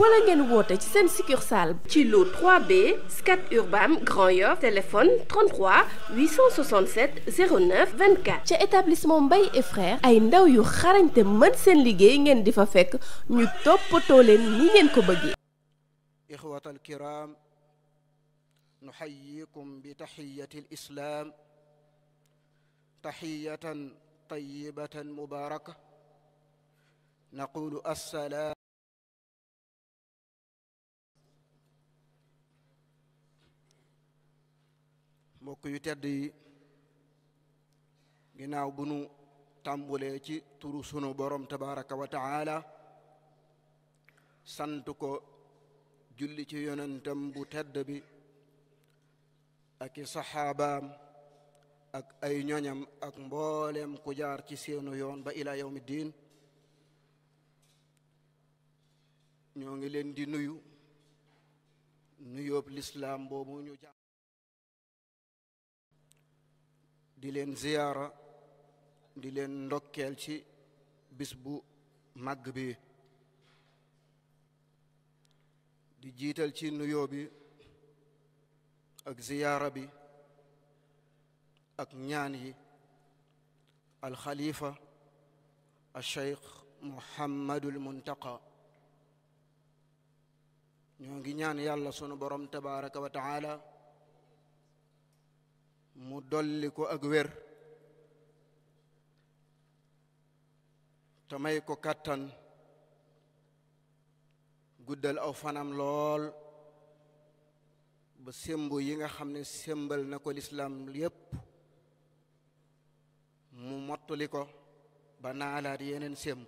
wala ngeen woote ci seen succursale ci lu 3B Scat Urbam Grand Yoff téléphone 33 867 09 24 ca établissement Mbaye et ay ndaw yu xarañte mën seen liggéey ngeen di fa fekk ñu toppatoo leen ngeen ko bëggee ixwata alkiram nuxayikum bi taxiyati alislaam taxiyatan tayibatan mubaaraka naqulu asalaam mbokk yu tedd yi ginnaaw bu nu tàmbulee ci turu sunu borom tabaraka wa sant ko julli ci yonentam bu tedd bi aki i saxaabaam ak ay ñoñam ak mbooleem ku jaar ci seenu yoon ba ila yawmi diin ñoo ngi leen di nuyu nuyoob lislaam boobu ñu dileen leen ziyaara di leen ndokkeel ci bis bu màgg bi di jiital ci nuyo bi ak ziyaara bi ak ñaan yi alxalifa al cheikh muhammadul muntaqa ñoo ngi ñaan yàlla sunu borom tabaraka wa taala mu dolli ko ak wér te may ko kàttan guddal aw fanam lool ba sémb yi nga xam ne sémbal na ko lislaam yépp mu mottali ko ba naalaat yeneen sémb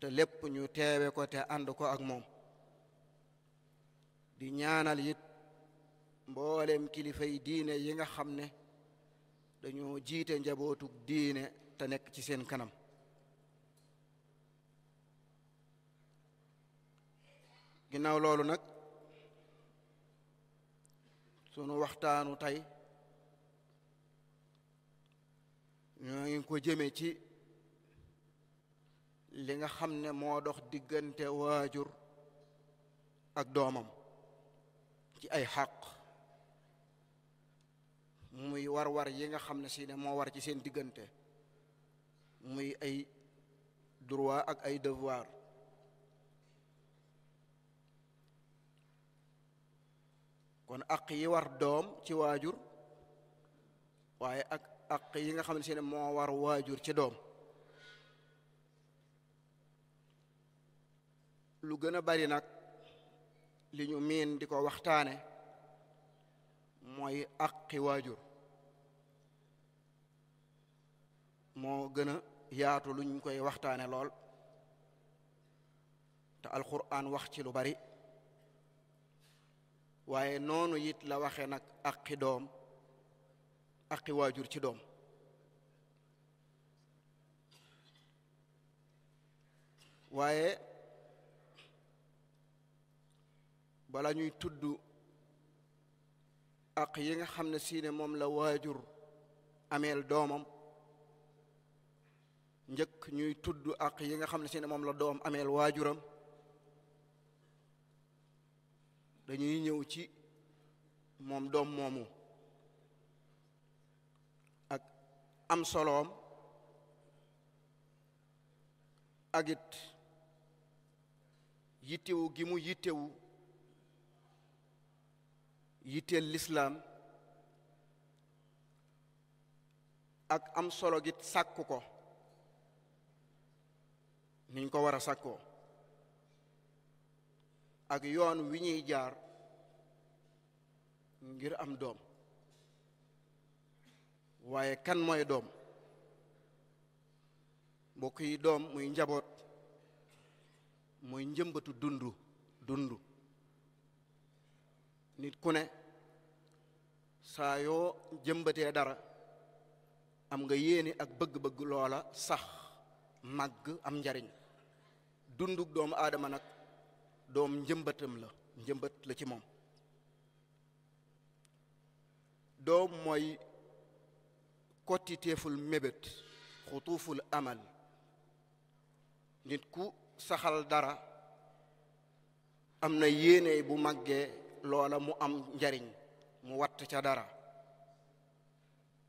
te lépp ñu teewe ko te ànd ko ak moom di ñaanal it mboolem kilifay diine yi nga xam ne dañoo jiite njabootu diine te nekk ci seen kanam ginnaaw loolu nag sunu waxtaanu tey ñoo ngi ko jëme ci li nga xam ne moo dox diggante waajur ak doomam ci ay xàq muy war-war yi nga xam ne si ne moo war ci seen diggante muy ay droit ak ay devoir kon aq yi war doom ci waajur waaye ak aq yi nga xam ne si ne moo war waajur ci doom lu gën a bari nag li ñu miin di ko waxtaane mooy aqi waajur moo gën a yaatu luñ koy waxtaane lool te alquran wax ci lu bari waaye noonu it la waxe nag aqi doom aqi waajur ci doom waaye bala ñuy tudd aq yi nga xam ne siine moom la waajur ameel doomam njëkk ñuy tudd ak yi nga xam ne si ne moom la doom ameel waajuram dañuy ñëw ci moom doom moomu ak am soloom agit it yittewu gi mu yittewu yitteel lislaam ak am solo gi sàkku ko niñ ko war a sakkoo ak yoon wi ñuy jaar ngir am doom waaye kan mooy doom mbokk yi doom muy njaboot muy njëmbatu dund dundu nit ku ne saa yoo jëmbatee dara am nga yéene ak bëgg-bëgg loola sax màgg am njariñ dundug doomu aadama nag doom njëmbatam la njëmbat la ci moom doom mooy kottiteeful mébét xutuuful amal nit ku saxal dara am na yéene bu màggee loola mu am njariñ mu watt ca dara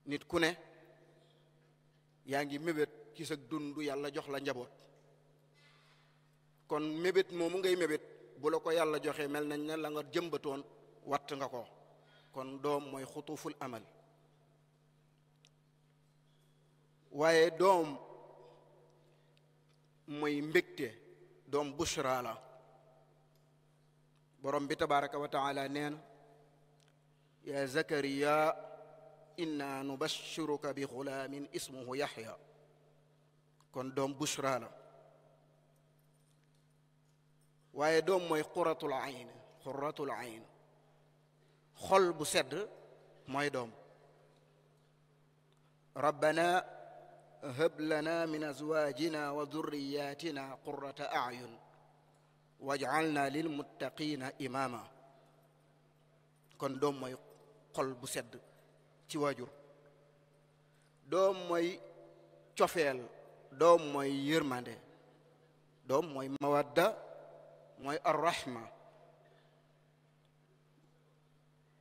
nit ku ne yaa ngi mébét ci sa dund yàlla jox la njaboot kon mébét moomu ngay mébét bu la ko yàlla joxe mel nañ ne la nga jëmbatoon nga ko kon doom mooy xutuful amal waaye doom mooy mbégte doom bushra la borom bi tabaraka wa taala nee na ya zakariya inna nubashiruka bi xulaamin ismuhu yaxya kon doom bushra waaye doom mooy quratul ayn quratul ayn xol bu sedd moy doom rabbana hab lana min azwajina wa durriyatina qurrata ayun waj'alna lil muttaqina imama kon doom mooy xol bu sedd ci waajur doom mooy cofeel doom mooy yërmande doom mooy mawadda mooy arrahma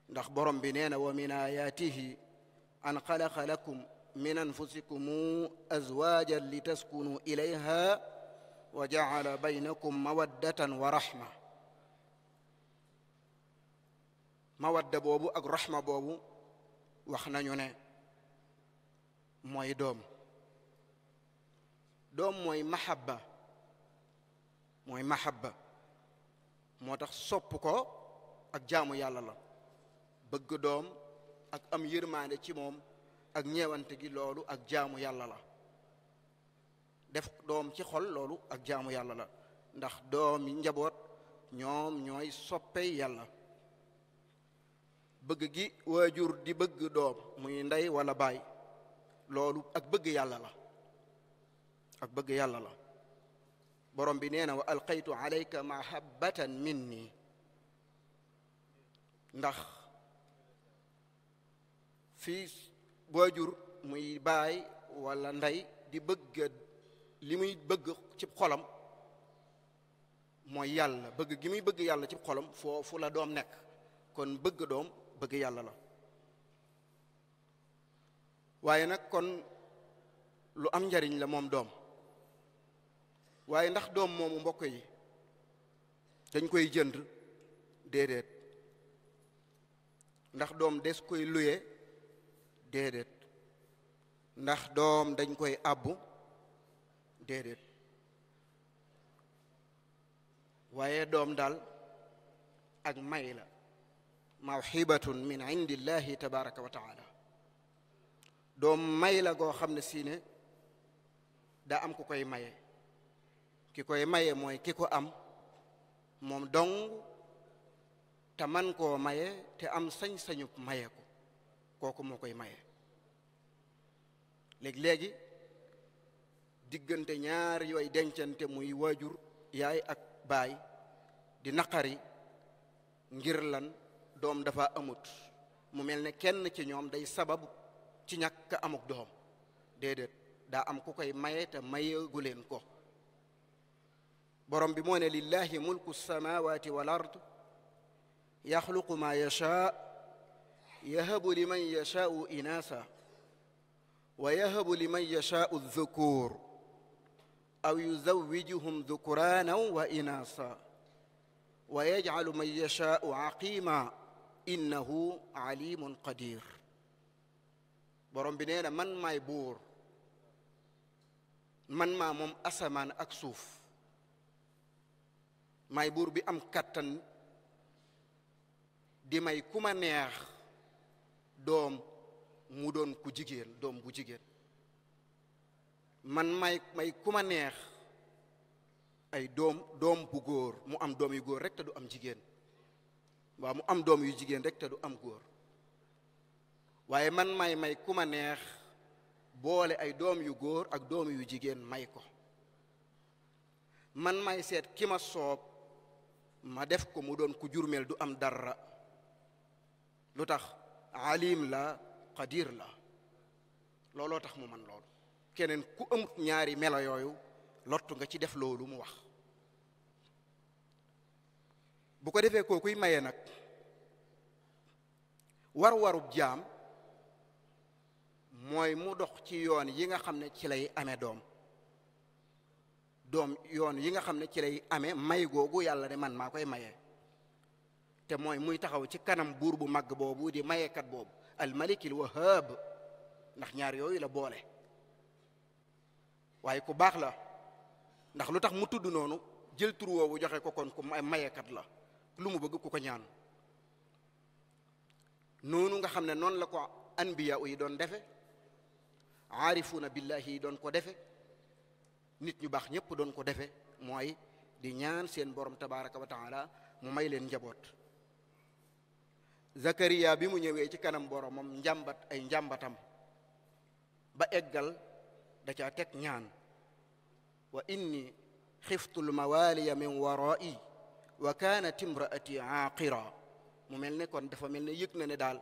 ndax borom bi nee na wa min ayaatihi an xalaqa lakum min anfusikum azwaajan li taskunu ilayha wa jacala baynakum mawaddatan wa rahma ak rahma boobu wax nañu ne mooy doom doom mooy mahabba mooy mahabba moo tax sopp ko ak jaamu yàlla la bëgg doom ak am yërmaande ci moom ak ñeewante gi loolu ak jaamu yàlla la def doom ci xol loolu ak jaamu yàlla la ndax doom yi njaboot ñoom ñooy soppey yàlla bëgg gi waajur di bëgg doom muy ndey walla baay loolu ak bëgg yàlla la ak bëgg yàlla la borom bi nee na wa alqaytu alayka mahabbatan minni ndax fii waajur muy baay walla ndey di bëgg li muy bëgg ci xolam mooy yàlla bëgg gi muy bëgg yàlla ci xolam foofu la doom nekk kon bëgg doom bëgg yàlla la waaye nag kon lu am njariñ la moom doom waaye ndax doom moomu mbokk yi dañ koy jënd déedéet ndax doom des koy luye déedéet ndax doom dañ koy àbbu déedéet waaye doom daal ak may la mawhibatun min indillahi tabaraka wa taala doom may la goo xam ne si daa am ku koy maye ki koy maye mooy ki ko am moom dong te man koo maye te am sañ-sañu maye ko kooku moo koy maye léegi-léegi diggante ñaar yooyu dencante muy waajur yaay ak baay di naqari ngir lan doom dafa amut mu mel ne kenn ci ñoom day sababu ci ñàkk amuk doom déedéet daa am ku koy maye te mayeegu leen ko borom bi moo ne lillahi mulku samawati wal ard yaxluqu ma yashaa yahabu liman yashaau inaasa wa yahabu liman yashaau dhukur aw yuzawijuhum dhukuranan wa inaasa wa yajcalu man yashaau aqima innahu alimun qadir borom bi nee na man maay buur man maa moom asamaan ak suuf may buur bi am kattan di may ku neex doom mu doon ku jigéen doom bu jigéen man may may ku neex ay doom doom bu góor mu am doom yu góor rek te du am jigéen waa mu am doom yu jigéen rek te du am góor waaye man may may ku ma neex boole ay doom yu góor ak doom yu jigéen may ko man may seet ki ma soob ma def ko mu doon ku jurmeel du am dara lu tax alim la qadir la looloo tax mu man loolu keneen ku amut ñaari melo yooyu lottu nga ci def loolu mu wax bu ko defee kookuy maye nag war warub jaam mooy mu dox ci yoon yi nga xam ne ci lay amee doom doom yoon yi nga xam ne ci lay amee may googu yàlla ne man maa koy maye te mooy muy taxaw ci kanam buur bu màgg boobu di mayekat boobu al malikil wahab ndax ñaar yooyu la boole waaye ku baax la ndax lu tax mu tudd noonu jël tur woowu joxe ko kon ku mayekat la lu mu bëgg ku ko ñaan noonu nga xam ne noonu la ko anbiya yi doon defe aarifuuna billahi yi doon ko defe nit ñu baax ñëpp doon ko defe mooy di ñaan seen borom tabaraka wa taala mu may leen njaboot Zakariya bi mu ñëwee ci kanam boromam njàmbat ay njàmbatam ba eggal da ca teg ñaan wa inni xiftu lmawaaliya min warai wa kaanat imraati aaqira mu mel ne kon dafa mel ne yëg na ne daal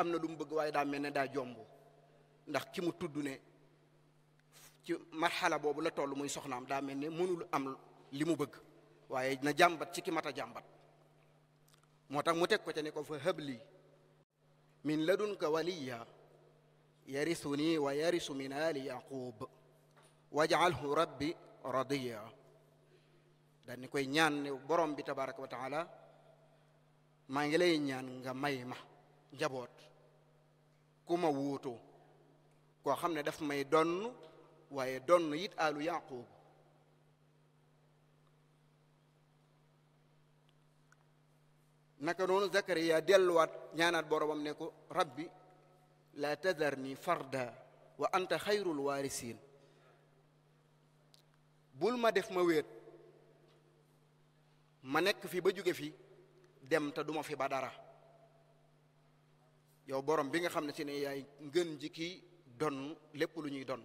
am na lu mu bëgg waaye daa mel ne daa jomb ndax ki mu tudd ci marxala boobu la toll muy soxnaam daa mel ne mënul am li mu bëgg waaye na jàmbat ci ki mat a jàmbat moo tax mu teg ko ca ne ko fa habli min ladunka waliya yarisuni wa yarisu min ali yaqub waj'alhu rabbi radiya daal koy ñaan ne borom bi tabaraka wa taala maa ngi lay ñaan nga may ma njaboot kuma ma wuutu koo xam ne daf may donn waaye donn it alu yaqub naka noonu zakariya delluwaat ñaanaat boromam ne ko rabbi la tadarni farda wa anta xayrul waarisiin bul ma def ma wéet ma nekk fi ba jóge fi dem te duma fi ba dara yow borom bi nga xam ne ci ne yaay ngën ji donn lépp lu ñuy donn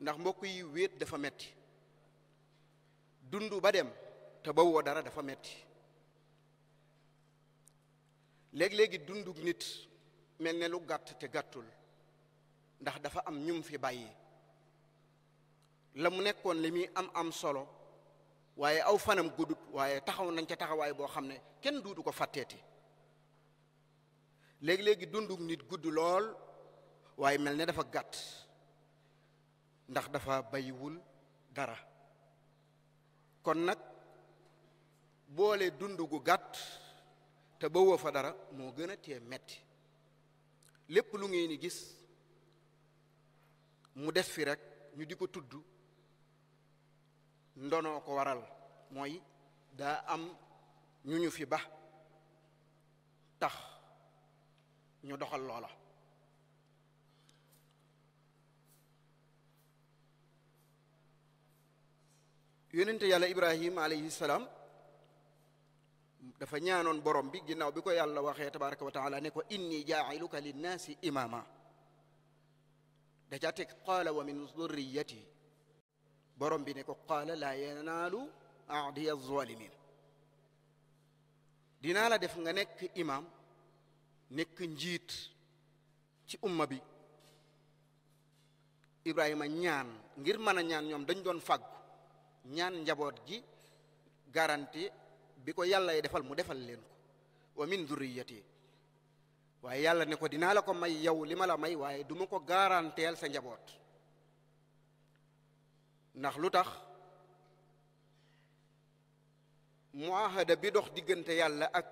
ndax mbokk yi wéet dafa metti dundu ba dem te ba woo dara dafa metti léeg-léegi dunduk nit mel ne lu gàtt te gàttul ndax dafa am ñum fi bàyyi la mu nekkoon li muy am am solo waaye aw fanam guddut waaye taxaw nañ ca taxawaay boo xam ne kenn duutu ko fàtteeti léegi-léegi dunduk nit gudd lool waaye mel ne dafa gàtt ndax dafa bayiwul dara kon nag boole dund gu gàtt te bawoo fa dara moo gën a tee metti lépp lu ngeen gis mu des fi rekk ñu di ko tudd ndonoo ko waral mooy daa am ñu ñu fi ba tax ñu doxal loola yónnente yàlla ibrahim alayhi salaam dafa ñaanoon borom bi ginnaaw bi ko yàlla waxee tabaraka wa taala ne ko inni jaa'iluka linnaasi imaama da caa teg qaala wa min zurriyati borom bi ne ko qaala laa yanaalu ahdiya zalimin dinaa la def nga nekk imam nekk njiit ci umma bi ibrahima ñaan ngir mën a ñaan ñoom dañ doon fàggu ñaan njaboot gi garante bi ko yàlla yi defal mu defal leen ko wa min durriyati waaye yàlla ne ko dinaa la ko may yow li ma la may waaye duma ko garanteel sa njaboot ndax lu tax muahada bi dox diggante yàlla ak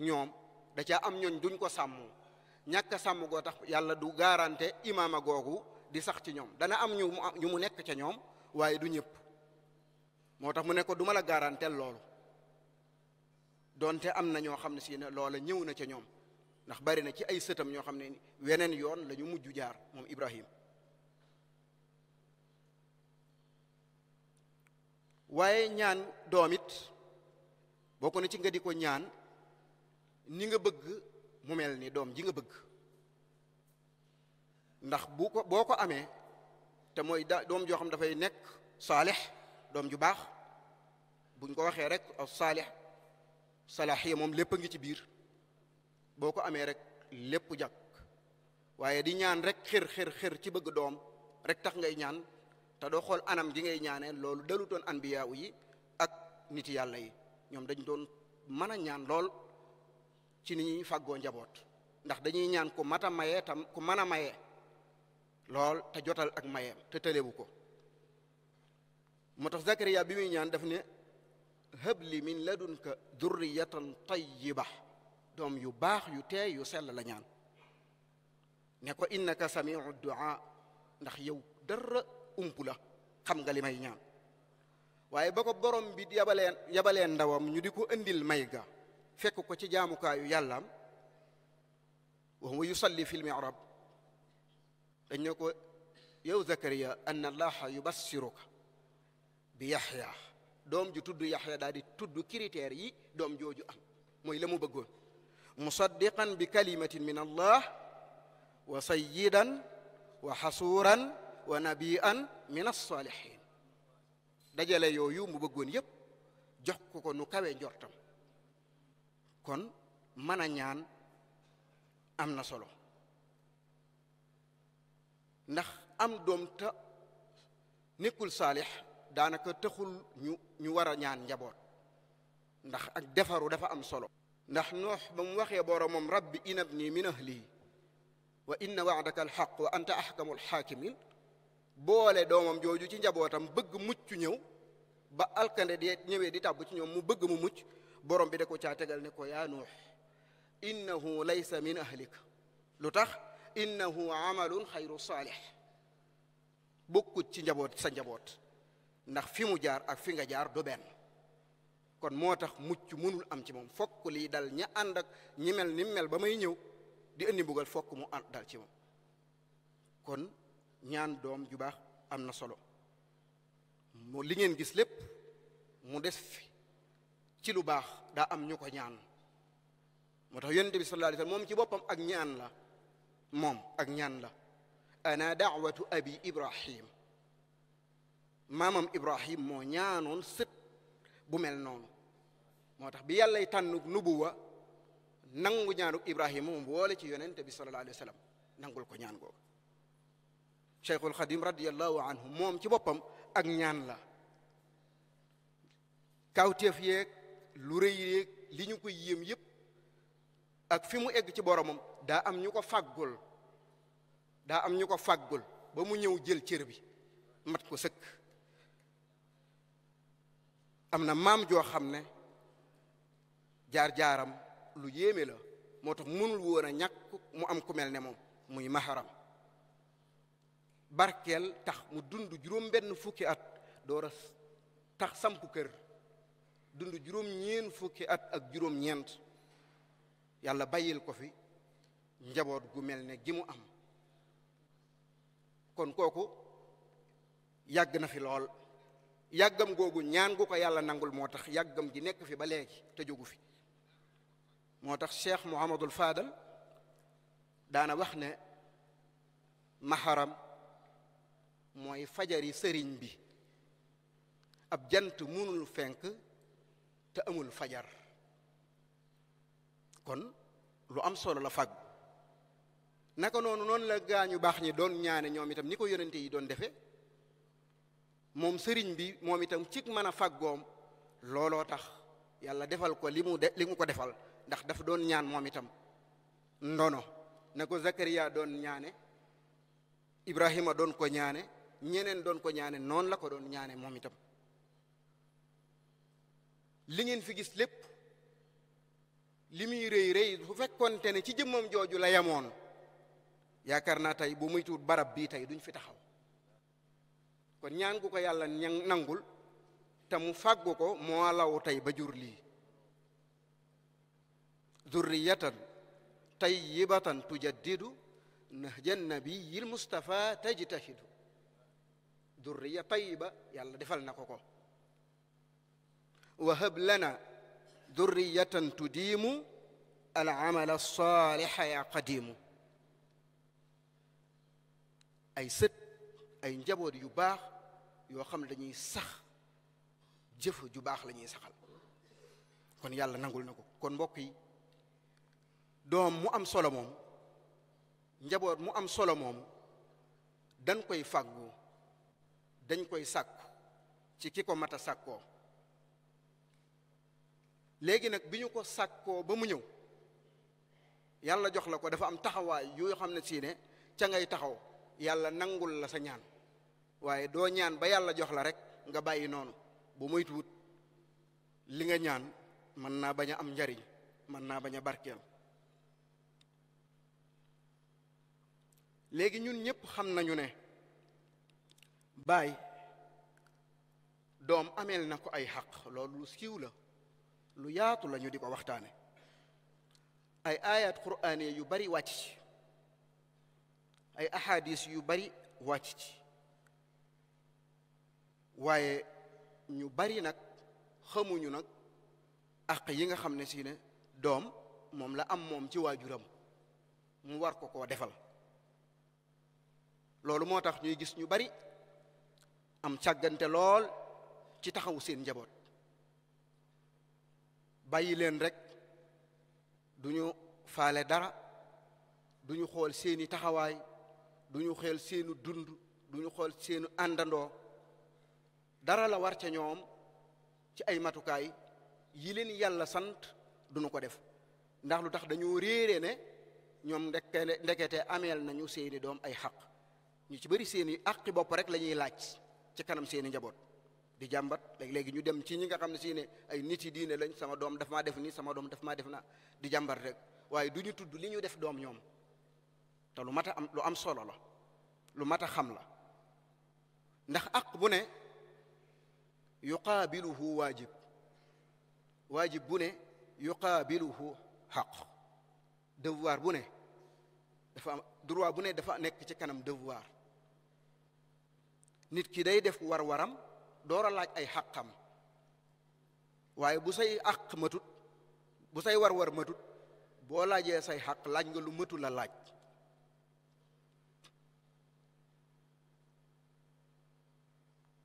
ñoom da caa am ñooñ duñ ko sàmm ñàkk sàmm goo tax yàlla du garante imaama googu di sax ci ñoom dana am ñu mu nekk ca ñoom waaye du ñëpp moo tax mu ne ko du ma la garanteel loolu doonte am na ñoo xam ne si loola ñëw na ca ñoom ndax bari na ci ay sëtam ñoo xam ne weneen yoon lañu mujj jaar moom Ibrahim waaye ñaan doom it bokk na ci nga di ko ñaan ni nga bëgg mu mel ni doom ji nga bëgg ndax bu ko boo ko amee te mooy da doom joo xam dafay nekk saalix doom ju baax buñ ko waxee rek as saalix salaaxiya moom lépp a ngi ci biir boo ko amee rek lépp jàkk waaye di ñaan rek xir xir xir ci bëgg doom rek tax ngay ñaan te doo xool anam gi ngay ñaanee loolu dalutoon anbiya yi ak nit yàlla yi ñoom dañ doon mën a ñaan lool ci ni ñuy fàggoo njaboot ndax dañuy ñaan ku mat a maye tam ku mën a maye lool te jotal ak mayeem te tëlewu ko moo tax Zakariya bi muy ñaan daf ne habli min ladunka durriyatan tayyiba doom yu baax yu teey yu sell la ne ko innaka samiu duaa ndax yow dara ump la xam nga li may ñaan waaye ba ko borom bi yabaleen yabaleen ndawam ñu di ko indil may ga fekk ko ci jaamukaayu yàllaam wa huwa yusalli fi lmihrab dañ ne ko yow Zakariya anna allaha yubassiruka bi yaxya doom ju tudd yaxya daal di tudd critères yi doom jooju am mooy mu bëggoon musaddiqan bi kalimatin min allah wa sayyidan wa xasuuran wa nabian min alsalihin dajale yooyu mu bëggoon yépp jox ko nu kawe njortam kon mën a ñaan am na solo ndax am doom ta nekkul saalix daanaka taxul ñu ñu war a ñaan njaboot ndax ak defaru dafa am solo ndax noox ba mu waxee boromam rabbi inabni min ahli wa inna waadaka alxaq wa anta ahkamu alxaakimin boole doomam jooju ci njabootam bëgg mucc ñëw ba alkande di ñëwee di tàbb ci ñoom mu bëgg mu mucc borom bi da ko caa tegal ne ko yaa nuux innahu laysa min ahlik lu tax innahu amalun xayru saalix bokkut ci njaboot sa njaboot ndax fi mu jaar ak fi nga jaar du benn kon moo tax mucc mënul am ci moom fokk lii dal ña ànd ak ñi mel ni mel ba may ñëw di indi bugal fokk mu ànd dal ci moom kon ñaan doom ju baax am na solo mu li ngeen gis lépp mu des fi ci lu baax daa am ñu ko ñaan moo tax yonent bi sallallahu alayhi moom ci boppam ak ñaan la moom ak ñaan la ana da'watu abi ibrahim maamam ibrahim moo ñaanoon sët bu mel noonu moo tax bi yàllay tànn nubuwa nangu ñaanuk ibrahima moom boole ci yonente bi sallallahu alayhi wa nangul ko ñaan googu cheikhul xadim radiallahu anhu moom ci boppam ak ñaan la kawteef yeeg lu rëy yeeg li ñu ko yéem yépp ak fi mu egg ci boromam daa am ñu ko faggul daa am ñu ko faggul ba mu ñëw jël cër bi mat ko sëkk am na maam joo xam ne jaar-jaaram lu yéeme la moo tax mënul woona a ñàkk mu am ku mel ne moom muy maharam barkeel tax mu dund juróom benn fukki at doora tax samp kër dund juróom ñeen fukki at ak juróom ñeent yàlla bàyyil ko fi njaboot gu mel ne gi mu am kon kooku yàgg na fi lool yàggam googu ñaan gu ko yàlla nangul moo tax yàggam gi nekk fi ba léegi te jógu fi moo tax cheikh Mouhamadul Fadal daana wax ne maharam mooy fajar yi sëriñ bi ab jant munul fenk te amul fajar kon lu am solo la fàggu naka noonu noonu la gaañu baax ñi doon ñaane ñoom itam ni ko yonente yi doon defe moom sëriñ bi moom itam cig mën a fàggoom looloo tax yàlla defal ko li mu de li ko defal ndax daf doon ñaan moom itam ndono na ko Zakaria doon ñaane Ibrahima doon ko ñaane ñeneen doon ko ñaane noonu la ko doon ñaane moom itam li ngeen fi gis lépp li muy rëy rëy bu fekkoonte ne ci jëmmam jooju la yamoon yaakaar naa tey bu muy barab bii tey duñ fi taxaw kon ñaan gu ko yàlla nangul te mu fàggu ko moo law tey ba jur lii zurriyatan tayyibatan tujaddidu nahja nabiyil mustafa tajtahidu zurriya tayyiba yàlla defal na ko ko wa hab lana zurriyatan tudiimu al amala saaliha ya qadiimu ay sët ay njaboot yu baax yoo xam ne dañuy sax jëf ju baax la ñuy saxal kon yàlla nangul na ko kon mbokk yi doom mu am solo moom njaboot mu am solo moom dañ koy fàggu dañ koy sàkku ci ki ko mat a sàkkoo léegi nag bi ñu ko sàkkoo ba mu ñëw yàlla jox la ko dafa am taxawaay yoo xam ne si ne ca ngay taxaw yàlla nangul la sa ñaan waaye doo ñaan ba yàlla jox la rek nga bàyyi noonu bu moytuwut li nga ñaan mën naa bañ a am njariñ mën naa bañ a barkeel léegi ñun ñëpp xam nañu ne baay doom ameel na ko ay xaq loolu lu siiw la lu yaatu la ñu di ko waxtaane ay ayat qur'aane yu bari wàcc ci ay ahadis yu bari wàcc ci waaye ñu bari nag xamuñu nag àq yi nga xam ne si doom moom la am moom ci waajuram mu war ko koo defal loolu moo tax ñuy gis ñu bari am càggante lool ci taxawu seen njaboot bàyyi leen rek du ñu faale dara du ñu xool seeni taxawaay du ñu xeel seenu dund du ñu xool seenu àndandoo dara la war ca ñoom ci ay matukaay yi leen yàlla sant duñu ko def ndax lu tax dañoo réere ne ñoom ndekete ndekete ameel nañu seeni doom ay xaq ñu ci bëri seeni aqi bopp rek la ñuy laaj ci kanam seeni njaboot di jàmbat léegi-léegi ñu dem ci ñi nga xam ne si ne ay nit yi diine lañ sama doom daf maa def nii sama doom daf maa def na di jàmbat rek waaye du ñu tudd li ñu def doom ñoom te lu mat a am lu am solo la lu mat a xam la ndax aq bu ne yuqaabiluhu waajib waajib bu ne yuqaabiluhu xaq devoir bu ne dafa droit bu ne dafa nekk ci kanam devoir nit ki day def war-waram door a laaj ay xaqam waaye bu say àq matut bu say war-war matut boo laajee say xaq laaj nga lu matu la laaj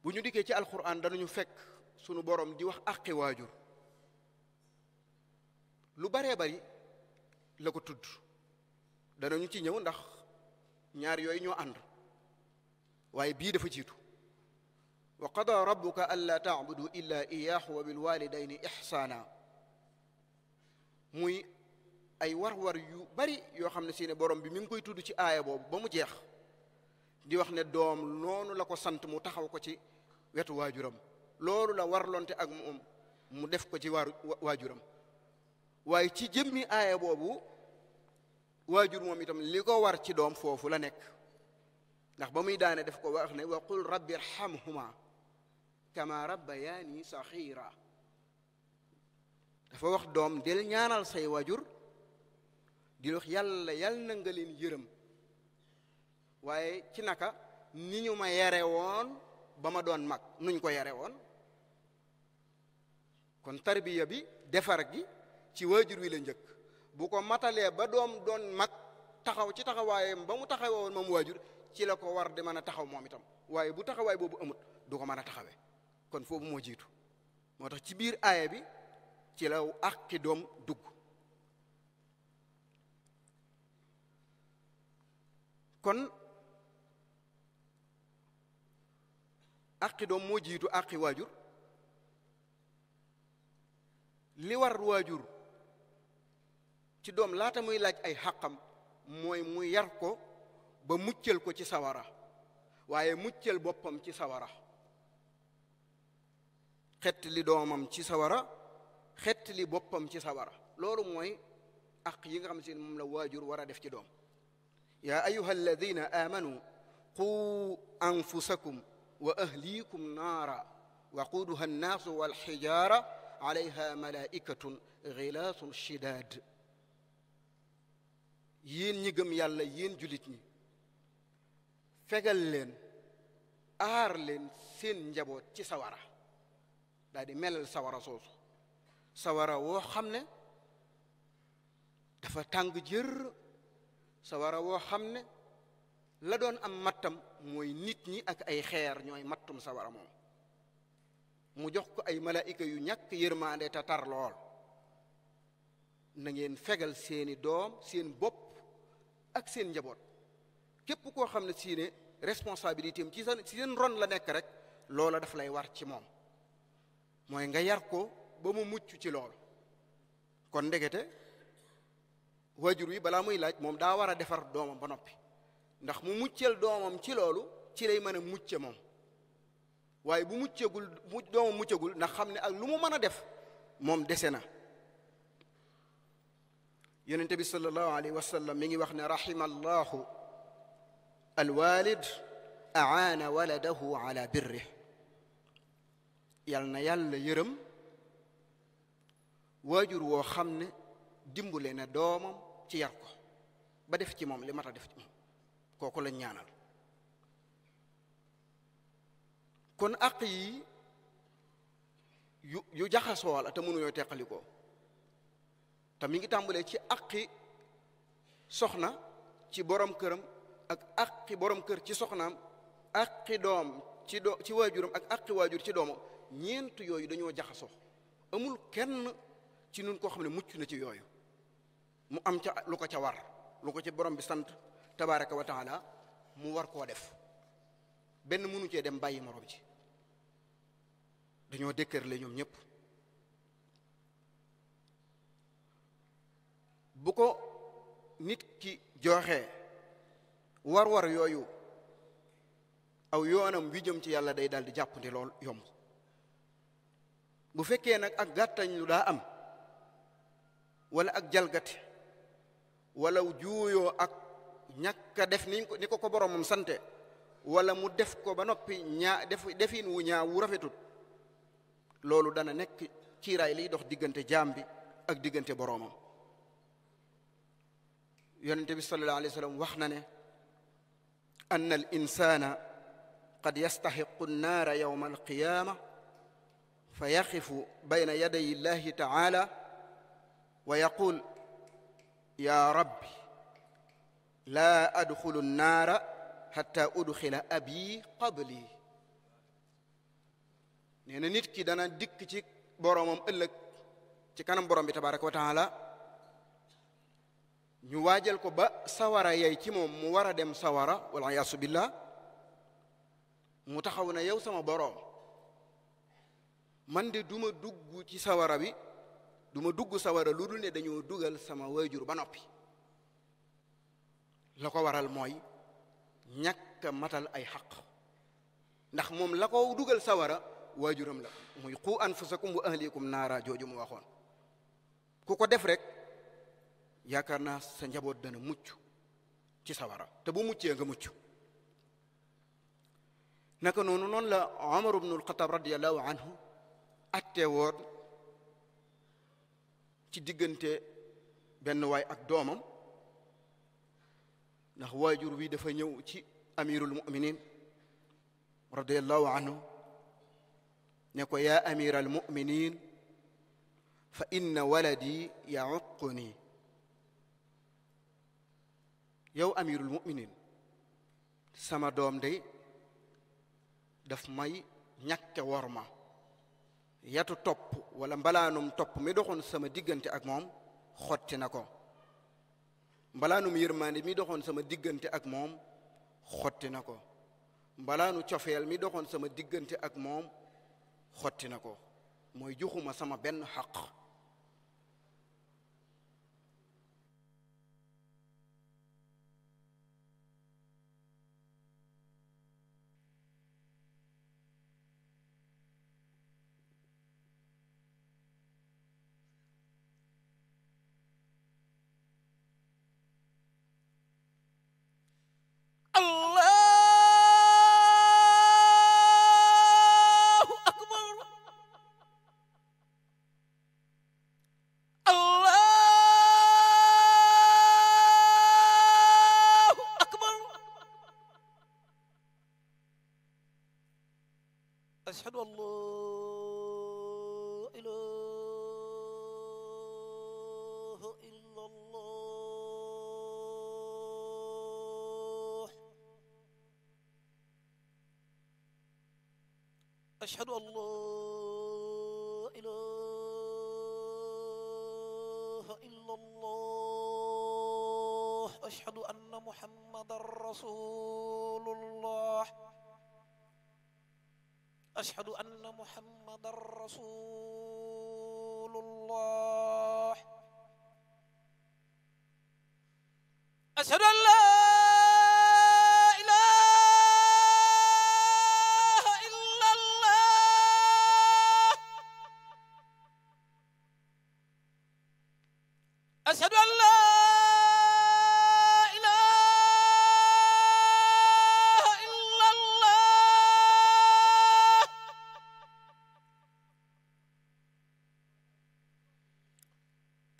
bu ñu dikkee ci alquran ñu fekk sunu borom di wax àqi waajur lu baree bari la ko tudd danañu ci ñëw ndax ñaar yooyu ñoo ànd waaye bii dafa jiitu wa qada rabbuka alla taabudu illa iyaahu wa bilwalidayni muy ay war-war yu bari yoo xam ne si ne borom bi mi ngi koy tudd ci aaya boobu ba mu jeex di wax ne doom noonu la ko sant mu taxaw ko ci wetu waajuram loolu la warlonte ak moom mu def ko ci waaru waaye ci jëmmi aaya boobu waajur moom itam li ko war ci doom foofu la nekk ndax ba muy daane def ko wax ne wa qul rabbi irhamhuma kama rabbayaani saxiira dafa wax doom del ñaanal say waajur di wax yàlla yàl na nga leen yërëm waaye ci naka ni ñu ma yare woon ba ma doon mag nuñ ko yare woon kon tarbiya bi defar gi ci waajur wi la njëkk bu ko matalee ba doom doon mag taxaw ci taxawaayam ba mu taxawoon moom waajur ci la ko war di mën a taxaw moom itam waaye bu taxawaay boobu amut du ko mën a taxawee kon foofu moo jiitu moo tax ci biir aaya bi ci la ak ki doom dugg kon aqi doom moo jiitu aqi waajur li war waajur ci doom laata muy laaj ay xaqam mooy mu yar ko ba muccal ko ci sawara waaye muccal boppam ci sawara xett li doomam ci sawara xett li boppam ci sawara loolu mooy aq yi nga xam si ne moom la waajur war a def ci doom ya ayuha alladina amanu qu anfusakum wa ahliikum naara waquuduha annaasu walxijaara alayha malaikatun gilaasun shidaad yéen ñi gëm yàlla yéen julit ñi fegal leen aar leen seen njaboot ci sawara daal di melal sawara soosu sawara woo xam ne dafa tàng jër sawara woo xam ne la doon am mattam mooy nit ñi ak ay xeer ñooy mattum sawara moom mu jox ko ay malaayika yu ñàkk yërmaande te tar lool na ngeen fegal seeni doom seen bopp ak seen njaboot képp koo xam ne si ne responsabilité ci sa si seen ron la nekk rek loola daf lay war ci moom mooy nga yar ko ba mu mucc ci lool kon ndekete waajur wi balaa muy laaj moom daa war a defar doomam ba noppi ndax mu muccal doomam ci loolu ci lay mën a mucce moom waaye bu muccagul mu doomam muccagul ndax xam ne ak lu mu mën a def moom dese na yonente bi sallallahu alayhi wa sallam mi ngi wax ne rahima allahu alwalid aana waladahu ala birri yal na yàlla yërëm waajur woo xam ne dimbule na doomam ci yar ko ba def ci moom li mat a def ci moom kooku lañ ñaanal kon àq yi yu yu jaxasoo la te mënu teqalikoo te mi ngi tàmbalee ci àqi soxna ci borom këram ak àqi borom kër ci soxnaam àqi doom ci do ci waajuram ak àqi waajur ci doomam ñeent yooyu dañoo jaxasoo amul kenn ci nun koo xam ne mucc na ci yooyu mu am ca lu ko ca war lu ko ci borom bi sant tabaraka wa taala mu war koo def benn mënu cee dem bàyyi morom ci dañoo dëkkër la ñoom ñëpp bu ko nit ki joxee war-war yooyu aw yoonam wi jëm ci yàlla day daal di jàppandi lool yomb bu fekkee nag ak gàttañ lu daa am wala ak jalgati wala juuyoo ak ñàkk def ni ni ko ko boromam sante wala mu def ko ba noppi ñaa defin wu ñaaw wu rafetut loolu dana nekk kiiraay liy dox diggante jaam bi ak diggante boromam yonente bi sallallahu alayhi wa wax na ne an al insana qad yastaxiqu nnaara yowma alqiyaama fa yaqifu bayna yaday illahi taala wa yaqul ya rabbi laa adxulu naara xatta udxila abi qabli nee na nit ki dana dikk ci boromam ëllëg ci kanam borom bi tabaraka wa taala ñu waajal ko ba sawara yay ci moom mu war a dem sawara wala yaasu mu taxaw na yow sama boroom man de duma ma dugg ci sawara bi duma ma dugg sawara lu dul ne dañoo dugal sama waajur ba noppi la ko waral mooy ñàkk matal ay xaq ndax moom la ko dugal sawara waajuram la muy qu anfusakum wa ahlikum naara jooju mu waxoon ku ko def rek yaakaar naa sa njaboot dana mucc ci sawara te bu muccee nga mucc naka noonu noonu la Omar ibnul Xataab radiyallahu woon ci diggante benn waay ak doomam ndax waajur wi dafa ñëw ci amirul muminin radiallahu anhu ne ko yaa amira al muminin fa inna waladi yaququni yow amirul muminin sama doom day daf may ñàkke wor ma yatu topp wala mbalaanum topp mi doxoon sama diggante ak moom xotti na ko mbalaanum yërmande mi doxoon sama diggante ak moom xotti na ko mbalaanu cofeel mi doxoon sama diggante ak moom xotti na ko mooy joxuma sama benn xaq ashhadu an laa ilaaha illallaah ashhadu anna muhammadan rasuulullaah ashhadu anna muhammadan rasuulullaah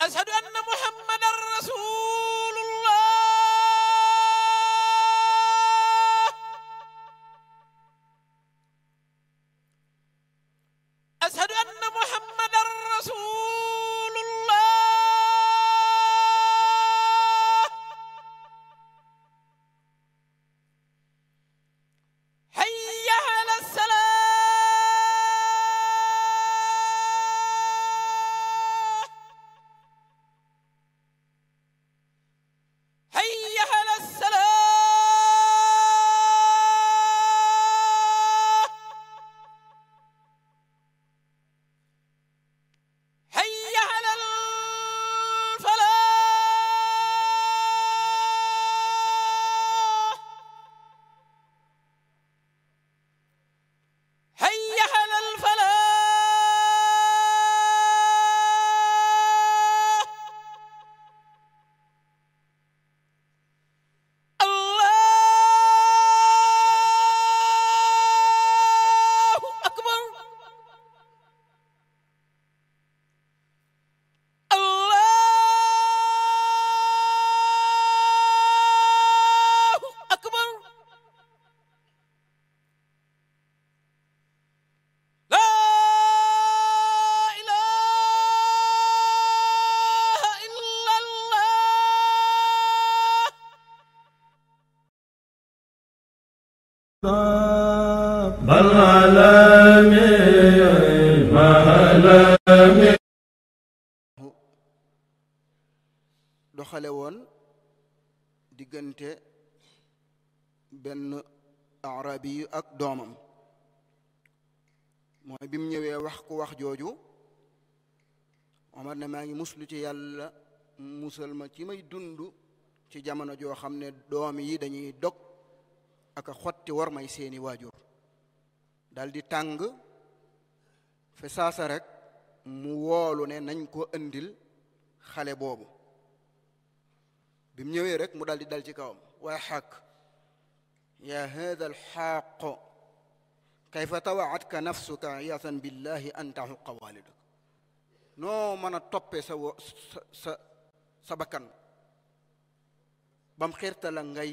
ashhadu muslu ci yàlla musal ma ci may dund ci jamono joo xam ne doom yi dañuy dog ak xotti war may seeni waajur daldi di tàng fe saasa rek mu woolu ne nañ ko indil xale boobu bi ñëwee rek mu daldi dal ci kawam waa xaq yaa hada alxaq kayfa tawacatka nafsuka yatan billahi an taxuqa walidak noo mën a toppee sa sa sa bakkan bam xirta ngay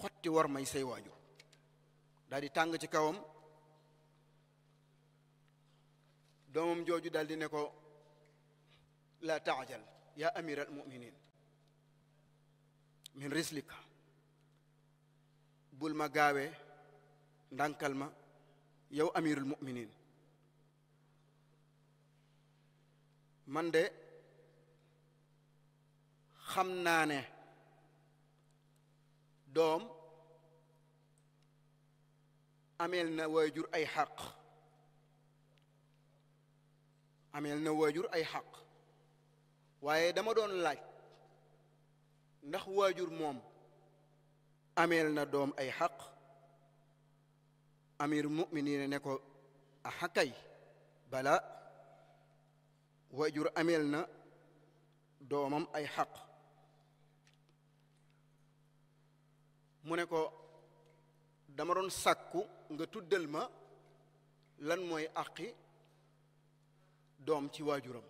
xotti war may say waajur daal tàng ci kawam doom jooju daldi ne ko la taajal ya amir al muminin min rislika bul ma gaawee ndànkal ma yow amirul muminin man de xam naa ne doom ameel na waajur ay xaq ameel na waajur ay xaq waaye dama doon laaj ndax waajur moom amel na doom ay xaq amir muminina ne ko a xakay bala waajur ameel na doomam ay xaq mu ne ko dama doon sàkku nga tuddal ma lan mooy àqi doom ci waajuram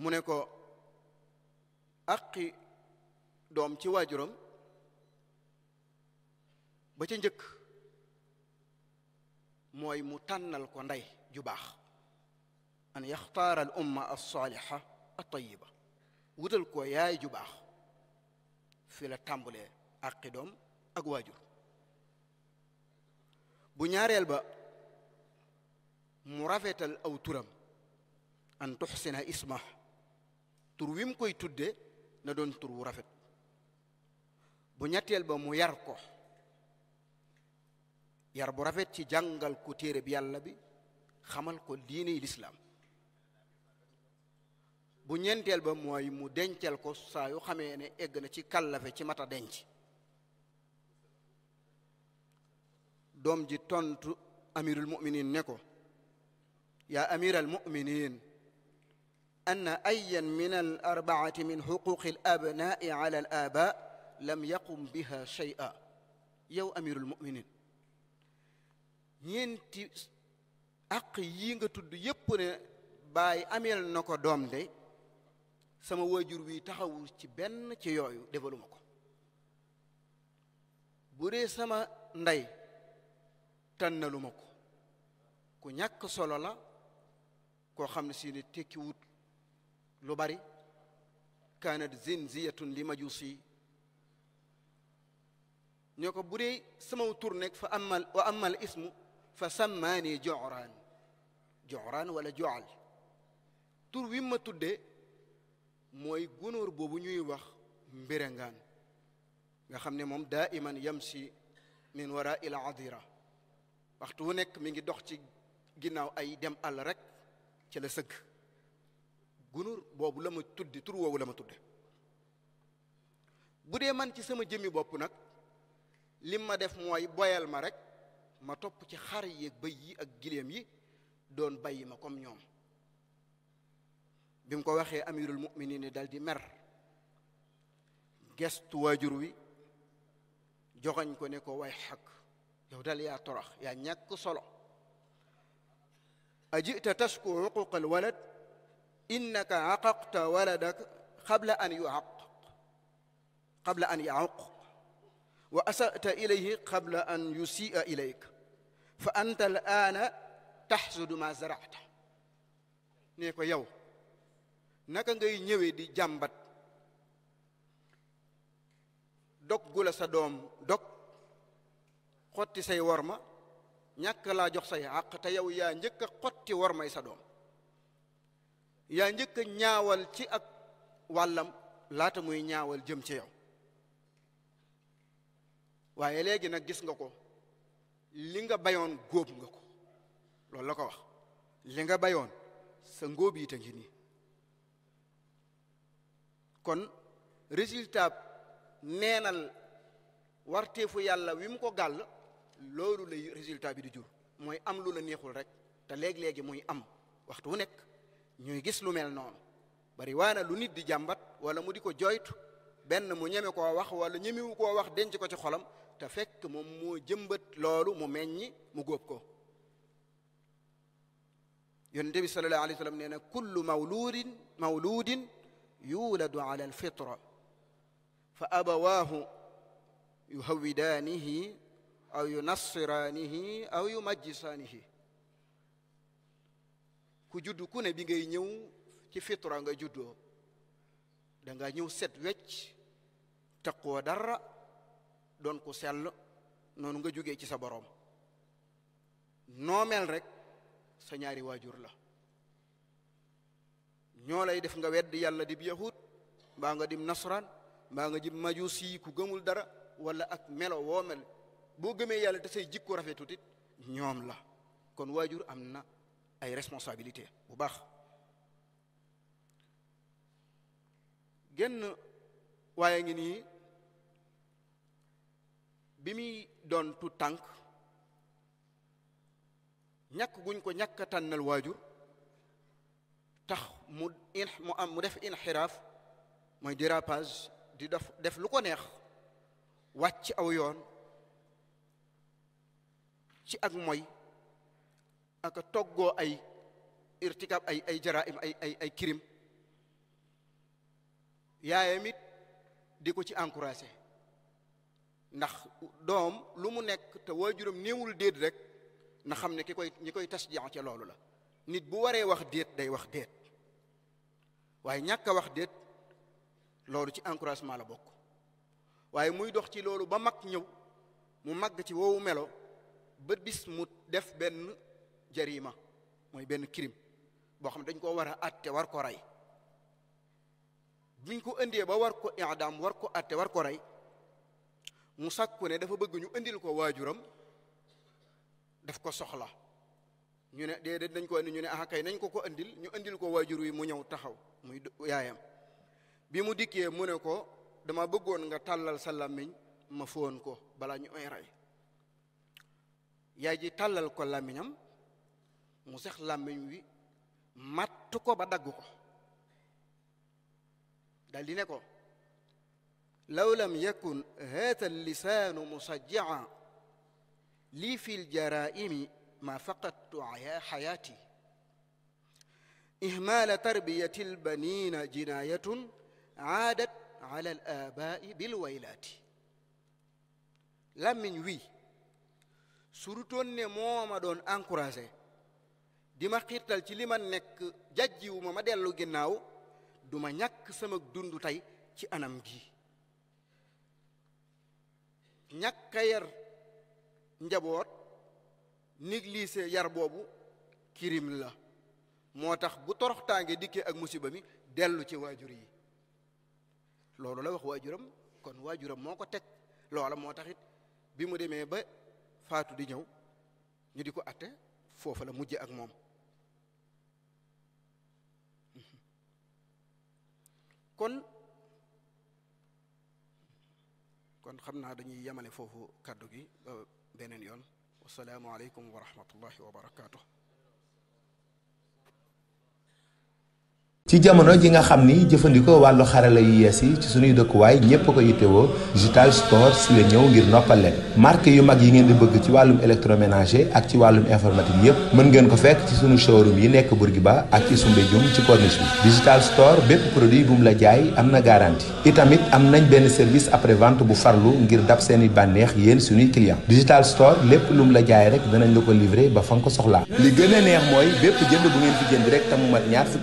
mu ne ko àqi doom ci waajuram ba ca njëkk mooy mu tànnal ko ndey ju baax an yaxtaara al umma alsaaliha wutal ko yaay ju baax fi la tàmbulee àqi doom ak waajur bu ñaareel ba mu rafetal aw turam an tuxsina isma tur wi koy tudde na doon tur wu rafet bu ñetteel ba mu yar ko yar bu rafet ci jàngal ko téere bi yàlla bi xamal ko diine lislaam bu ñeenteel ba mooy mu dencal ko saa yu xamee ne egg na ci kàllafe ci mata denc doom ji tontu amirul muminin ne ko yaa amiral muminin anna ayan min al arbaati min xuquqi al abnaai al aba lam yaqum biha shay'a yow amirul muminin ñeenti àq yii nga tudd yépp ne baay ameel na ko doom de sama waajur wi taxawul ci benn ci yooyu defaluma ko bu dee sama ndey tànnaluma ko ku ñàkk solo la koo xam ne si ne tekki wut lu bari kaanat zinziyatun li majusi ñoo ko bu dee sama tur nekk fa amal ismu fa sammaani joraan joraan wala joal tur wi ma tudde mooy gunóor boobu ñuy wax mbirangaan nga xam ne moom daa iman yam si min wara il adira waxtu wu nekk mi ngi dox ci ginnaaw ay dem àll rek ci la sëgg gunóor boobu la ma tudde tur woowu la ma tudde bu dee man ci sama jëmmi bopp nag lim ma def mooy boyal ma rek ma topp ci xar yeeg bëy yi ak giléem yi doon bàyyi ma comme ñoom bi ko waxee amirul mu'minin dal di mer gestu waajur wi joxoñ ko ne ko way xaq yow dal yaa torox yaa ñàkk solo ajita tasku uquqa al walad innaka aqaqta waladak qabla an yuaq qabla an yaaq wa asata ilayhi qabla an yusia ilayk fa anta al aana taxsudu ma zaraata nee ko yow naka ngay ñëwee di jàmbat dog gu sa doom dog xotti say worma ñàkk laa jox say àq te yow yaa njëkk a xotti wormay sa doom yaa njëkk a ñaawal ci ak wàllam laata muy ñaawal jëm ci yow waaye léegi nag gis nga ko li nga bayoon góob nga ko loolu la ko wax li nga bayoon sa ngóob yi ta ngi nii kon résultat neenal warteefu yàlla wi mu ko gàll loolu lay résultat bi di jur mooy am lu la neexul rek te léeg-léegi muy am waxtu wu nekk ñuy gis lu mel noonu bari waana lu nit di jàmbat wala mu di ko joytu benn mu ñeme koo wax wala ñemewu koo wax denc ko ci xolam te fekk moom moo jëmbat loolu mu meññi mu góob ko yonent bi sallallahu alayhi wa sallam nee ala alfitra fa abawaahu yuhawidaanihi aw yunassiraanihi aw yumajjisaanihi ku judd ku ne bi ngay ñëw ci fitra nga juddoo da nga set wecc taqoo dara doon ku sell noonu nga jógee ci sa boroom noo mel rek sa ñaari waajur la ñoo lay def nga wedd yàlla dib yahud mbaa nga dim nasran mbaa nga jib majusi ku gëmul dara wala ak melo woo mel boo gëmee yàlla te say jikko rafetut it ñoom la kon waajur am na ay responsabilité bu baax genn waaye ngi nii bi muy doon tu tànk ñàkk guñ ko ñàkk a tànnal waajur tax mu in mu am mu def inxiraaf mooy dérapage di def def lu ko neex wàcc aw yoon ci ak mooy aka toggoo ay irtikab ay ay jaraim ay ay kirim yaayam di ko ci encouragé ndax doom lu mu nekk te juróom néewul déet rek na xam ne ki koy ñi koy tas ca loolu la nit bu waree wax déet day wax déet waaye ñàkka wax déet loolu ci encouragement la bokk waaye muy dox ci loolu ba mag ñëw mu màgg ci woowu melo ba bis mu def benn jarima mooy benn crime boo xam ne dañ koo war a àtte war ko rey buñ ko indee ba war ko idaam war ko àtte war ko rey mu ko ne dafa bëgg ñu indil ko waajuram def ko soxla ñu ne déedéet dañ ko indi ñu ne ah kay nañ ko ko indil ñu indil ko waajur wi mu ñëw taxaw muy yaayam bi mu dikkee mu ne ko dama bëggoon nga tàllal sa làmmiñ ma foon ko balaa ñu oy rey yaay ji tàllal ko làmmiñam mu sex làmmiñ wi matt ko ba dagg ko daldi ne ko لو لم يكن هذا اللسان مصجعا لي في الجرائم ما فقدت حياتي إهمال تربية البنين جناية عادت على الآباء بالويلات lammiñ wi suru toon ne moo ma doon encouragé di ma ci li ma nekk jàjjiwu ma ma dellu ginnaaw du ma ñàkk sama dund tey ci anam gi ñàkk a yar njaboot négliger yar boobu kirim la moo tax bu toroxtaange dikkee ak musiba mi dellu ci waajur yi loolu la wax waajuram kon waajuram moo ko teg loola moo taxit bi mu demee ba faatu di ñëw ñu di ko atte foofa la mujje ak moom kon kon xam naa dañuy yemale foofu kàddu gi euh, beneen yoon wasalaamualeykum wa rahmatullahi wa barakaatu. ci jamono ji nga xam ni jëfandikoo wàllu xarala yu yees yi ci suñuy dëkkuwaay ñépp ko yittewoo digital store si la ñëw ngir noppal leen marque yu mag yi ngeen di bëgg ci wàllum électroménager ak ci wàllum informatique yépp mën ngeen ko fekk ci suñu showroom yi nekk Bourguiba ak ci Soumbédioune ci corniche bi digital store bépp produit bu mu la jaay am na garantie itamit am nañ benn service après vente bu farlu ngir dab seeni bànneex yéen suñuy client digital store lu la jaay rek danañ la ko livrer ba fa nga a neex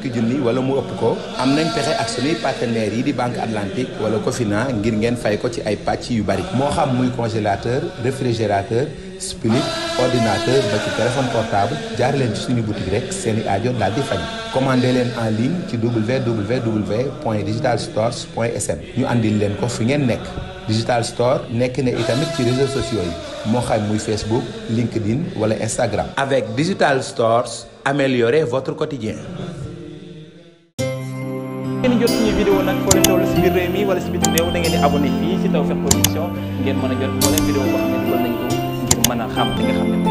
mooy ëpp ko am nañ pexe ak suñuy partenaires yi di banque atlantique wala Cofina ngir ngeen fay ko ci ay pàcc yu bari moo xam muy congélateur réfrigérateur split ordinateur ba ci téléphone portable jaar leen ci suñu boutique rek seeni aajo daal di faj commandé leen en ligne ci www point digital stores point sn ñu andil leen ko fi ngeen nekk digital store nekk ne itamit ci réseaux sociaux yi moo xam muy Facebook LinkedIn wala Instagram. avec digital stores améliorez votre quotidien. ngeen jot suñu vidéo nag foo leen toll si biir réew mi wala si biti réew da ngeen di abonné fii si Tawfekh Production ngeen mën a jot moo ne dugal nañ ko ngir mën a xam li nga xam